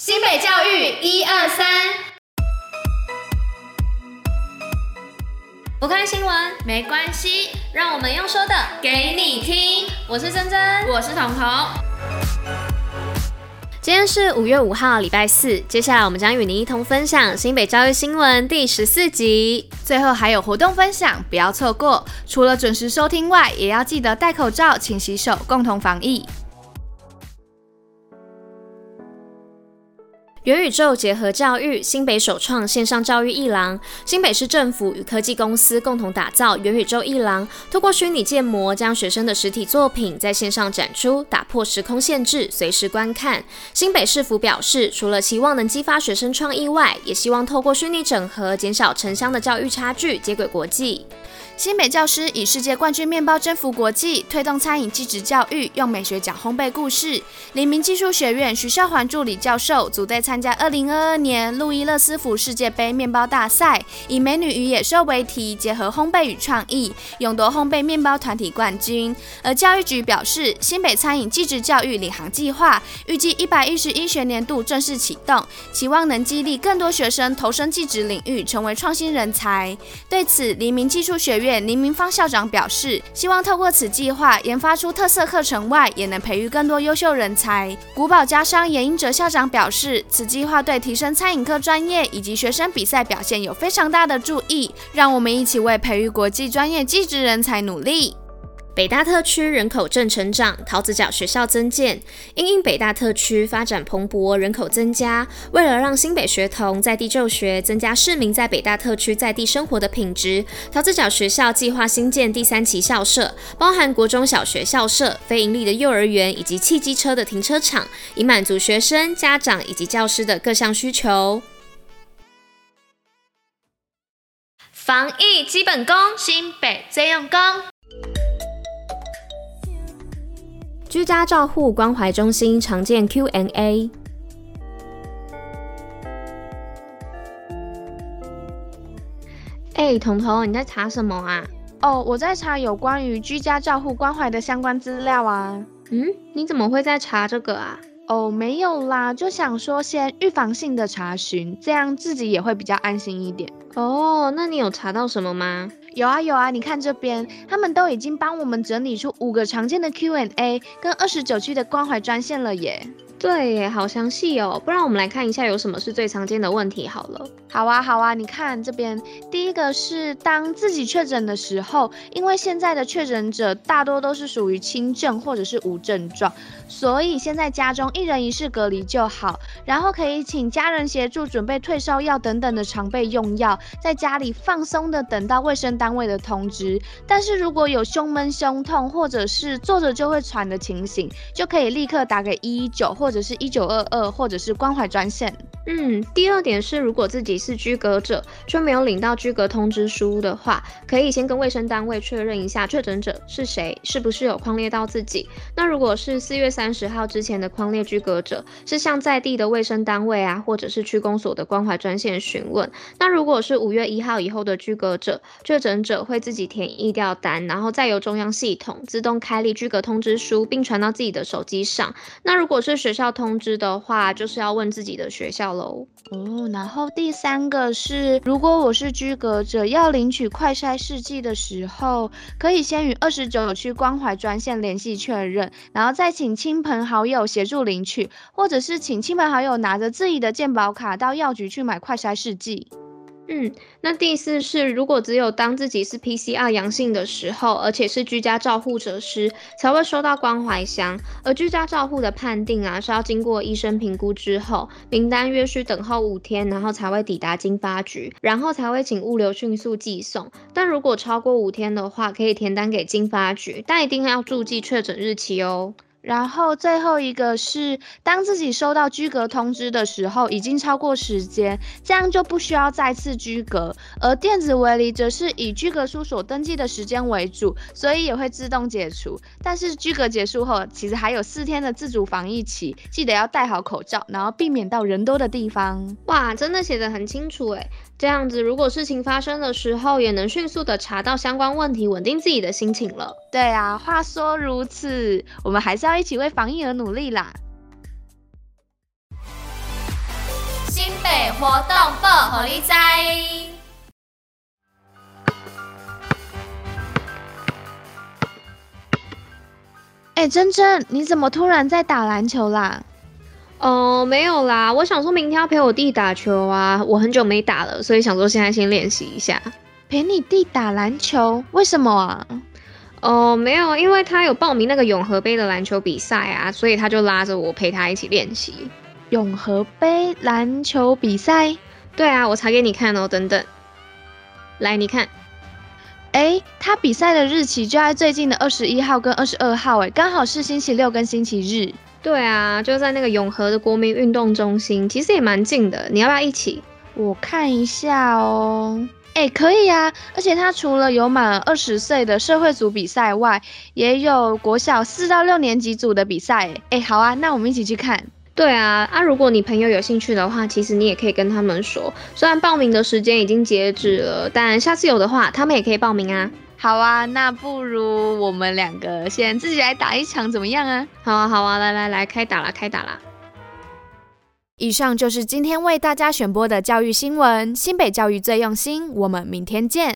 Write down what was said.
新北教育一二三，1, 2, 不看新聞沒關係，讓我們用說的給你聽。我是珍珍，我是彤彤。今天是五月五號，禮拜四。接下來我們將與您一同分享新北教育新聞第十四集，最後還有活動分享，不要錯過。除了準時收聽外，也要記得戴口罩，勤洗手，共同防疫。元宇宙結合教育，新北首創線上教育藝廊。新北市政府與科技公司共同打造元宇宙藝廊，通過虛擬建模，將學生的實體作品在線上展出，打破時空限制，隨時觀看。新北市府表示，除了期望能激發學生創意外，也希望透過虛擬整合，減少城鄉的教育差距，接軌國際。新北教師以世界冠軍麵包征服國際，推動餐飲技職教育，用美學講烘焙故事。黎明技術學院徐孝環助理教授組隊參加2022年路易樂斯福世界杯麵包大賽，以“美女與野獸”為題，結合烘焙與創意，勇奪烘焙麵包團體冠軍。而教育局表示，新北餐飲技職教育領航計劃預計111學年度正式啟動，期望能激勵更多學生投身技職領域，成為創新人才。對此，黎明技術學學院林明芳校長表示，希望透過此計劃研發出特色課程外，也能培育更多優秀人才。古堡家商嚴英哲校長表示，此計劃對提升餐飲科專業以及學生比賽表現有非常大的助益，讓我們一起為培育國際專業技職人才努力。北大特區人口正成長，桃子腳學校增建，因應北大特區發展蓬勃，人口增加，為了讓新北學童在地就學，增加市民在北大特區在地生活的品質，桃子腳學校計劃新建第三期校舍，包含國中小學校舍、非營利的幼兒園以及汽機車的停車場，以滿足學生、家長以及教師的各項需求。防疫基本功，新北最用功。居家照護關懷中心常見 Q&A。哎，彤彤，欸，你在查什麼啊？哦，我在查有關於居家照護關懷的相關資料啊。嗯，你怎麼會在查這個啊？哦，oh, 沒有啦，就想說先預防性的查詢，這樣自己也會比較安心一點。哦，oh, 那你有查到什麼嗎？有啊有啊，你看這邊，他們都已經幫我們整理出五個常見的 Q&A 跟二十九區的關懷專線了耶。對，好詳細哦，不然我們來看一下有什麼是最常見的問題好了。好啊，好啊，你看這邊第一個是當自己確診的時候，因為現在的確診者大多都是屬於輕症或者是無症狀，所以先在家中一人一室隔離就好，然後可以請家人協助準備退燒藥等等的常備用藥，在家裡放鬆的等到衛生單位的通知。但是如果有胸悶、胸痛或者是坐着就會喘的情形，就可以立刻打給一一九或或者是一九二二，或者是關懷專線。嗯，第二點是，如果自己是居隔者卻沒有領到居隔通知書的話，可以先跟衛生單位確認一下確診者是誰，是不是有匡列到自己。那如果是四月三十號之前的匡列居隔者，是向在地的衛生單位啊，或者是區公所的關懷專線詢問。那如果是五月一號以後的居隔者，確診者會自己填疫調單，然後再由中央系統自動開立居隔通知書，並傳到自己的手機上。那如果是學校通知的話，就是要問自己的學校了。哦，然後第三個是，如果我是居隔者要領取快篩試劑的時候，可以先與二十九區關懷專線聯繫確認，然後再請親朋好友協助領取，或者是請親朋好友拿着自己的健保卡到藥局去買快篩試劑。嗯，那第四是，如果只有當自己是 PCR 陽性的時候，而且是居家照護者時，才會收到關懷箱。而居家照護的判定啊，是要經過醫生評估之後，名單約需等候五天，然後才會抵達經發局，然後才會請物流迅速寄送。但如果超過五天的話，可以填單給經發局，但一定要註記確診日期哦。然後最後一個是，當自己收到居隔通知的時候，已經超過時間，這樣就不需要再次居隔。而電子圍籬則是以居隔書所登記的時間為主，所以也會自動解除。但是居隔結束後，其實還有四天的自主防疫期，記得要戴好口罩，然後避免到人多的地方。哇，真的寫得很清楚誒，這樣子，如果事情發生的時候，也能迅速的查到相關問題，穩定自己的心情了。對啊，話說如此，我們還是要。要一起為防疫而努力啦！新北活動報虎哩知。哎、欸，珍珍，你怎麼突然在打籃球啦？哦、呃，沒有啦，我想說明天要陪我弟打球啊，我很久沒打了，所以想說現在先練習一下。陪你弟打籃球？為什麼啊？哦，沒有，因為他有報名那個永和盃的籃球比賽啊，所以他就拉着我陪他一起練習。永和盃籃球比賽？對啊，我查給你看哦。等等，來，你看，誒，他比賽的日期就在最近的二十一號跟二十二號，誒，剛好是星期六跟星期日。對啊，就在那個永和的國民運動中心，其實也蠻近的。你要不要一起？我看一下哦。欸，可以啊！而且他除了有滿二十歲的社會組比賽外，也有國小四到六年級組的比賽。欸，好啊，那我們一起去看。對啊，啊，如果你朋友有興趣的話，其實你也可以跟他們說。雖然報名的時間已經截止了，但下次有的話，他們也可以報名啊。好啊，那不如我們兩個先自己來打一場，怎麼樣啊？好啊，好啊，來來來，開打啦，開打啦！以上就是今天為大家選播的教育新聞。新北教育最用心，我們明天見。